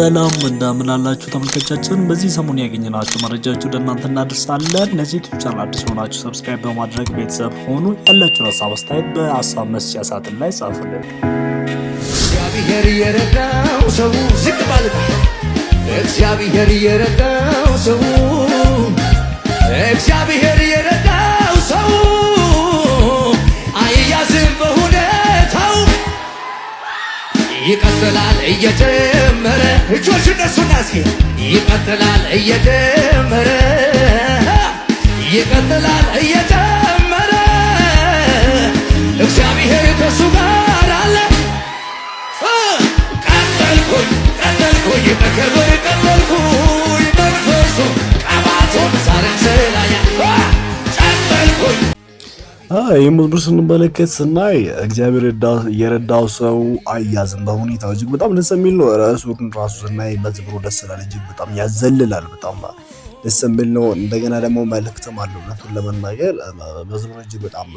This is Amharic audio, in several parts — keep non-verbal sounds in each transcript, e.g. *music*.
ሰላም እንደምን አላችሁ ተመልካቾቻችን። በዚህ ሰሞን ያገኘናችሁ መረጃዎች ወደ እናንተ እናደርሳለን። ለዚህ ዩቲዩብ ቻናል አዲስ ሆናችሁ ሰብስክራይብ በማድረግ ቤተሰብ ሆኑ። ያላችሁ ሀሳብ አስተያየት በሀሳብ መስጫ ሳጥን ላይ ጻፉልን። እግዚአብሔር የረዳው ሰው ዝቅ እግዚአብሔር የረዳው ሰው እግዚአብሔር የረዳው ሰው አይያዝም በሁኔታው ይቀጥላል እጆች እነሱና እስኪ ይቀጥላል እየጨመረ ይቀጥላል እየጨመረ እግዚአብሔር ከሱ ይህ መዝሙር ስንመለከት ስናይ እግዚአብሔር የረዳው ሰው አያዝም በሁኔታው እጅግ በጣም ደስ የሚል ነው። ርዕሱን ራሱ ስናይ መዝሙሩ ደስ ይላል፣ እጅግ በጣም ያዘልላል። በጣም ደስ የሚል ነው። እንደገና ደግሞ መልእክትም አለው። እውነቱን ለመናገር መዝሙሩ እጅግ በጣም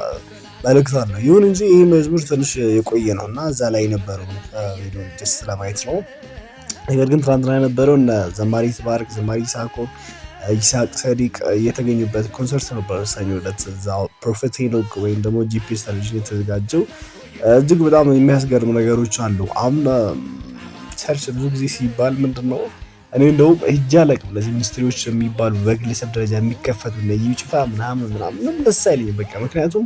መልእክት አለው። ይሁን እንጂ ይህ መዝሙር ትንሽ የቆየ ነው እና እዛ ላይ የነበረው ደስ ለማየት ነው። ነገር ግን ትናንትና የነበረው ዘማሪ ትባርክ፣ ዘማሪ ሳኮ ይስሐቅ ሰዲቅ የተገኙበት ኮንሰርት ነበር ሰኞ ዕለት እዛው ፕሮፌት ሄኖክ ወይም ደግሞ ጂፒኤስ ቴሌቪዥን የተዘጋጀው። እጅግ በጣም የሚያስገርሙ ነገሮች አሉ። አሁን ቸርች ብዙ ጊዜ ሲባል ምንድን ነው እኔ እንደውም እጅ አለቅ እነዚህ ሚኒስትሪዎች የሚባሉ በግለሰብ ደረጃ የሚከፈቱ እነዚህ ጭፋ ምናምን ምናምን ደስ አይለኝም። በቃ ምክንያቱም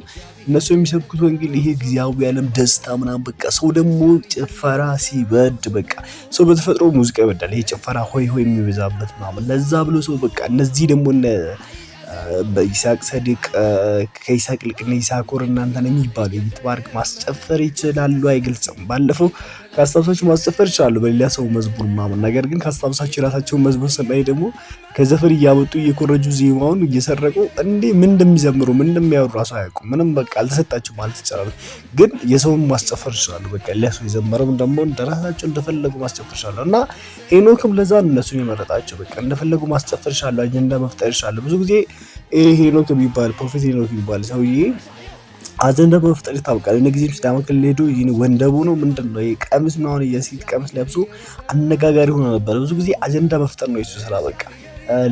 እነሱ የሚሰብኩት ወንጌል ይሄ ጊዜያዊ የዓለም ደስታ ምናምን፣ በቃ ሰው ደግሞ ጭፈራ ሲበድ በቃ ሰው በተፈጥሮ ሙዚቃ ይበዳል። ይሄ ጭፈራ ሆይ ሆይ የሚበዛበት ምናምን ለዛ ብሎ ሰው በቃ እነዚህ ደግሞ በኢሳቅ ሰድቅ ከኢሳቅ ልቅና ኢሳኮር እናንተን የሚባሉ የሚትባርቅ ማስጨፈር ይችላሉ አይገልጽም ባለፈው ከአስታብሳችሁ ማስጨፈር ይችላሉ፣ በሌላ ሰው መዝሙር ምናምን። ነገር ግን ከአስታብሳችሁ የራሳቸውን መዝሙር ስናይ ደግሞ ከዘፈን እያመጡ እየኮረጁ ዜማውን እየሰረቁ እንዴ ምን እንደሚዘምሩ ምን እንደሚያወሩ ራሱ አያውቁም። ምንም በቃ አልተሰጣቸው ማለት ይቻላል። ግን የሰውን ማስጨፈር ይችላሉ። በቃ ሌላ ሰው የዘመረም ደግሞ እንደራሳቸው እንደፈለጉ ማስጨፈር ይችላሉ። እና ሄኖክም ለዛ እነሱን የመረጣቸው በቃ እንደፈለጉ ማስጨፈር ይችላሉ፣ አጀንዳ መፍጠር ይችላሉ። ብዙ ጊዜ ይሄ ሄኖክ የሚባል ፕሮፌት ሄኖክ የሚባል ሰውዬ አጀንዳ በመፍጠር ይታወቃል። እነ ጊዜ ሲዳማ ክልል ሄዶ ወንደቡ ነው ምንድን ነው ቀሚስ ምናምን የሴት ቀሚስ ለብሶ አነጋጋሪ ሆኖ ነበር። ብዙ ጊዜ አጀንዳ መፍጠር ነው የሱ ስራ በቃ።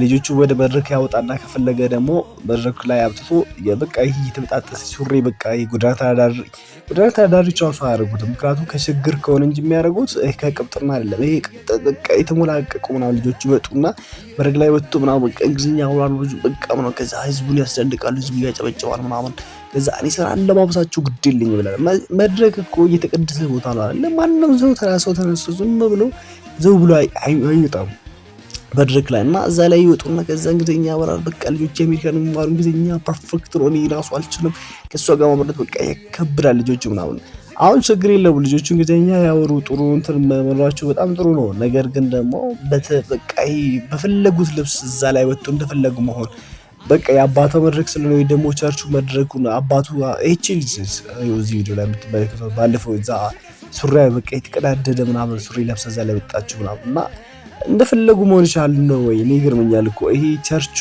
ልጆቹ ወደ መድረክ ያወጣና ከፈለገ ደግሞ መድረክ ላይ አብትቶ የበቃ ይህ የተበጣጠሰ ሱሪ በቃ ጉዳት ተዳዳሪ ጉዳት አዳሪ ራሱ አያደርጉትም። ምክንያቱም ከችግር ከሆነ እንጂ የሚያደርጉት ከቅብጥና አይደለም። ይሄ በቃ የተሞላቀቁ ምናምን ልጆቹ ይመጡና መድረክ ላይ ወጥቶ ምናምን በቃ እንግሊዝኛ ሁላሉ ልጁ በቃ ምናምን ከዛ ህዝቡን ያስደንቃሉ፣ ህዝቡ ያጨበጭባል ምናምን ከዛ እኔ ስራ ለማብሳችሁ ግድ የለኝ ብላል። መድረክ እኮ እየተቀደሰ ቦታ ነው አለ። ማንም ሰው ተራ ሰው ተነስቶ ዝም ብሎ ዘው ብሎ አይወጣም። መድረክ ላይ እና እዛ ላይ ይወጡና ከዛ እንግሊዝኛ ወራር በቃ ልጆች የአሜሪካን የሚማሩ እንግሊዝኛ ፐርፌክት ነው። እኔ ራሱ አልችልም። ከእሷ ጋር ማምረት በቃ ያከብዳል ልጆቹ ምናምን። አሁን ችግር የለውም ልጆቹ እንግሊዝኛ ያወሩ ጥሩ እንትን መኖራቸው በጣም ጥሩ ነው። ነገር ግን ደግሞ በቃ በፈለጉት ልብስ እዛ ላይ ወጡ እንደፈለጉ መሆን በቃ የአባቷ መድረክ ስለሆነ ወይ ደግሞ ቸርቹ መድረኩ አባቱ ይቺ ልጅ እዚህ ቪዲዮ ላይ የምትመለከተው ባለፈው እዛ ሱሪያ በቃ የተቀዳደደ ምናምን ሱሪ ለብሰ እዛ ላይ ወጣችሁ ምናምን እና እንደፈለጉ መሆን ይችላል ነው ወይ? እኔ ይገርመኛል እኮ ይሄ ቸርቹ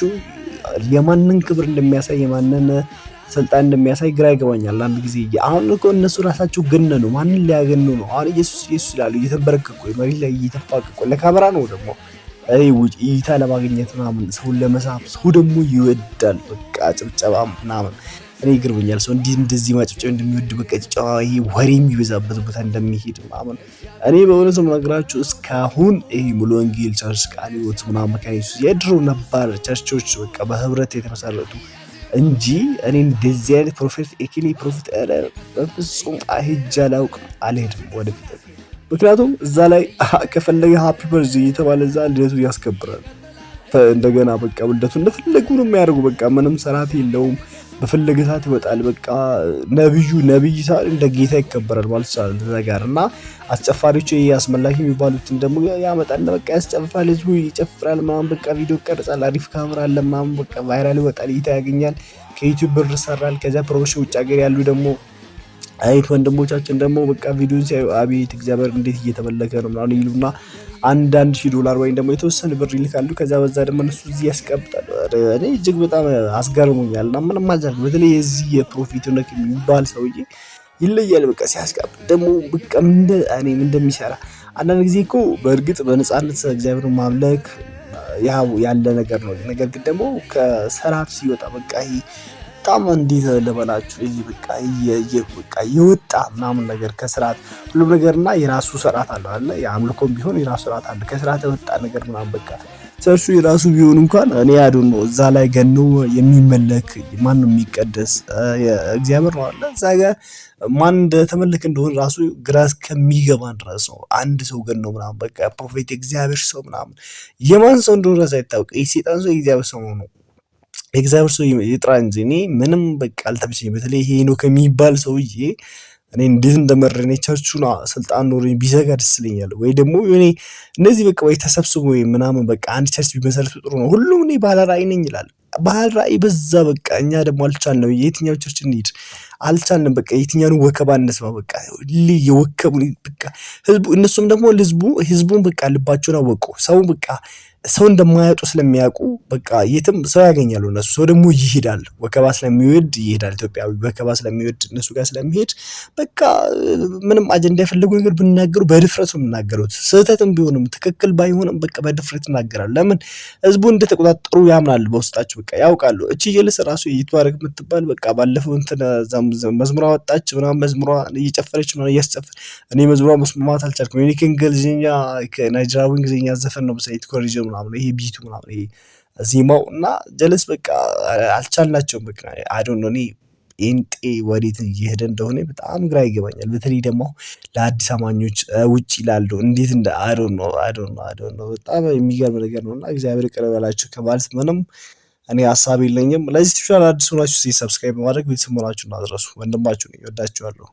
የማንን ክብር እንደሚያሳይ የማንን ስልጣን እንደሚያሳይ ግራ ይገባኛል አንድ ጊዜ። አሁን እኮ እነሱ ራሳቸው ገነኑ፣ ማንን ሊያገኑ ነው? አሁን ኢየሱስ ኢየሱስ ይላሉ እየተንበረከቁ መሬት ላይ እየተፋቀቁ፣ ለካሜራ ነው ደግሞ እይታ ለማግኘት ምናምን ሰውን ለመሳብ። ሰው ደግሞ ይወዳል በቃ ጭብጨባ ምናምን እኔ ይገርመኛል ሰው እንዲህ እንደዚህ ማጨብጨብ እንደሚወድ በቃ ጨዋ ይሄ ወሬ የሚበዛበት ቦታ እንደሚሄድ ምናምን። እኔ በእውነት ነግራችሁ እስካሁን ይህ ሙሉ ወንጌል ቸርች ቃለ ሕይወት መካኒሱ የድሮ ነባር ቸርቾች በቃ በህብረት የተመሰረቱ እንጂ እኔ እንደዚህ አይነት ፕሮፌት ኤኪኒ ፕሮፌት ያለ በፍጹም ሄጄ አላውቅም፣ አልሄድም ወደፊት። ምክንያቱም እዛ ላይ *laughs* ከፈለገ ሀፒ በርዝ እየተባለ እዛ ልደቱ ያስከብራል። እንደገና በቃ ልደቱ እንደፈለጉ ነው የሚያደርጉ። በቃ ምንም ሰራት የለውም። በፈለገ ሰዓት ይወጣል። በቃ ነብዩ ነብይ ሳል እንደ ጌታ ይከበራል ማለት ይቻላል። ጋር እና አስጨፋሪዎቹ ይሄ አስመላኪ የሚባሉትን ደግሞ ያመጣል። በቃ ያስጨፍራል፣ ህዝቡ ይጨፍራል ምናምን በቃ ቪዲዮ ቀርጻል፣ አሪፍ ካሜራ አለ ምናምን በቃ ቫይራል ይወጣል፣ እይታ ያገኛል፣ ከዩቲዩብ ብር ይሰራል። ከዚያ ፕሮሞሽን ውጭ ሀገር ያሉ ደግሞ አይት ወንድሞቻችን ደግሞ በቃ ቪዲዮን ሲያዩ አቤት እግዚአብሔር እንዴት እየተመለከ ነው ምናምን ይሉና አንዳንድ ሺህ ዶላር ወይም ደግሞ የተወሰነ ብር ይልካሉ። ከዚያ በዛ ደግሞ እነሱ እዚህ ያስቀምጣሉ። እኔ እጅግ በጣም አስገርሞኛል እና ምንም አልዛል። በተለይ የዚህ የፕሮፊት ነክ የሚባል ሰውዬ ይለያል። በቃ ሲያስቀምጥ ደግሞ በቃ ምንደ እኔም እንደሚሰራ አንዳንድ ጊዜ እኮ በእርግጥ በነፃነት እግዚአብሔር ማምለክ ያው ያለ ነገር ነው። ነገር ግን ደግሞ ከሰራት ሲወጣ በቃ በጣም እንዴት ልበላችሁ በቃ በቃ የወጣ ምናምን ነገር ከስርዓት ሁሉም ነገርና የራሱ ስርዓት አለ አለ የአምልኮም ቢሆን የራሱ ስርዓት አለ። ከስርዓት የወጣ ነገር ምናምን በቃ እሱ የራሱ ቢሆን እንኳን እኔ ያዱ ነው። እዛ ላይ ገኖ የሚመለክ ማንም የሚቀደስ እግዚአብሔር ነው አለ እዛ ጋር ማን እንደተመለክ እንደሆነ ራሱ ግራ እስከሚገባን ድረስ ነው። አንድ ሰው ገኖ ምናምን በቃ ፕሮፌት እግዚአብሔር ሰው ምናምን የማን ሰው እንደሆነ ራሱ አይታወቅ። የሴጣን ሰው የእግዚአብሔር ሰው ነው እግዚአብሔር ሰው ይጥራ እንጂ እኔ ምንም በቃ አልተመቸኝ። በተለይ ይሄ ሄኖክ ከሚባል ሰውዬ እኔ እንዴት እንደመረኔ ቸርቹን ስልጣን ኖሮ ቢዘጋ ደስ ይለኛል። ወይ ደግሞ እኔ እነዚህ በቃ ወይ ተሰብስቦ ወይ ምናምን በቃ አንድ ቸርች ቢመሰረቱ ጥሩ ነው። ሁሉም እኔ ባለ ራእይ ነኝ ይላል። ባለ ራእይ በዛ በቃ እኛ ደግሞ አልቻልነው። የትኛው ቸርች እንሂድ? አልቻልንም። በቃ የትኛውን ወከባ እንስማ። በቃ የወከቡ በቃ ህዝቡ እነሱም ደግሞ ህዝቡ ህዝቡን በቃ ልባቸውን አወቁ። ሰው በቃ ሰው እንደማያጡ ስለሚያውቁ በቃ የትም ሰው ያገኛሉ። እነሱ ሰው ደግሞ ይሄዳል፣ ወከባ ስለሚወድ ይሄዳል። ኢትዮጵያዊ ወከባ ስለሚወድ እነሱ ጋር ስለሚሄድ በቃ ምንም አጀንዳ የፈለጉ ነገር ብናገሩ በድፍረት ነው የምናገሩት። ስህተትም ቢሆንም ትክክል ባይሆንም በቃ በድፍረት ይናገራሉ። ለምን ህዝቡ እንደተቆጣጠሩ ያምናል። በውስጣቸው በቃ ያውቃሉ። እቺ የልስ ራሱ ይትባረክ የምትባል በቃ ባለፈው እንትን መዝሙሯ ወጣች ምናምን መዝሙሯ እየጨፈረች ምናምን እያስጨፈረች እኔ መዝሙሯ መስማት አልቻልኩም። እኔ ከእንግሊዝኛ ናይጀራዊ እንግሊዝኛ ዘፈን ነው ሳይት ኮሪጅ ምናምን ይሄ ቢቱ ምናምን ይሄ ዜማው እና ጀለስ በቃ አልቻልናቸውም። በቃ አይዶን ነው እኔ ኤንጤ ወዴት እየሄደ እንደሆነ በጣም ግራ ይገባኛል። በተለይ ደግሞ ለአዲስ አማኞች ውጭ ይላሉ እንዴት እንደ አይዶን ነው አይዶን ነው አይዶን ነው በጣም የሚገርም ነገር ነው እና እግዚአብሔር ቅር በላቸው ከማለት ምንም እኔ ሀሳብ የለኝም። ለዚህ ቲዩብ ቻናል አዲስ ሆናችሁ ሰብስክራይብ በማድረግ ቤተሰብ መሆናችሁን አድረሱ። ወንድማችሁ ነኝ። ወዳችኋለሁ።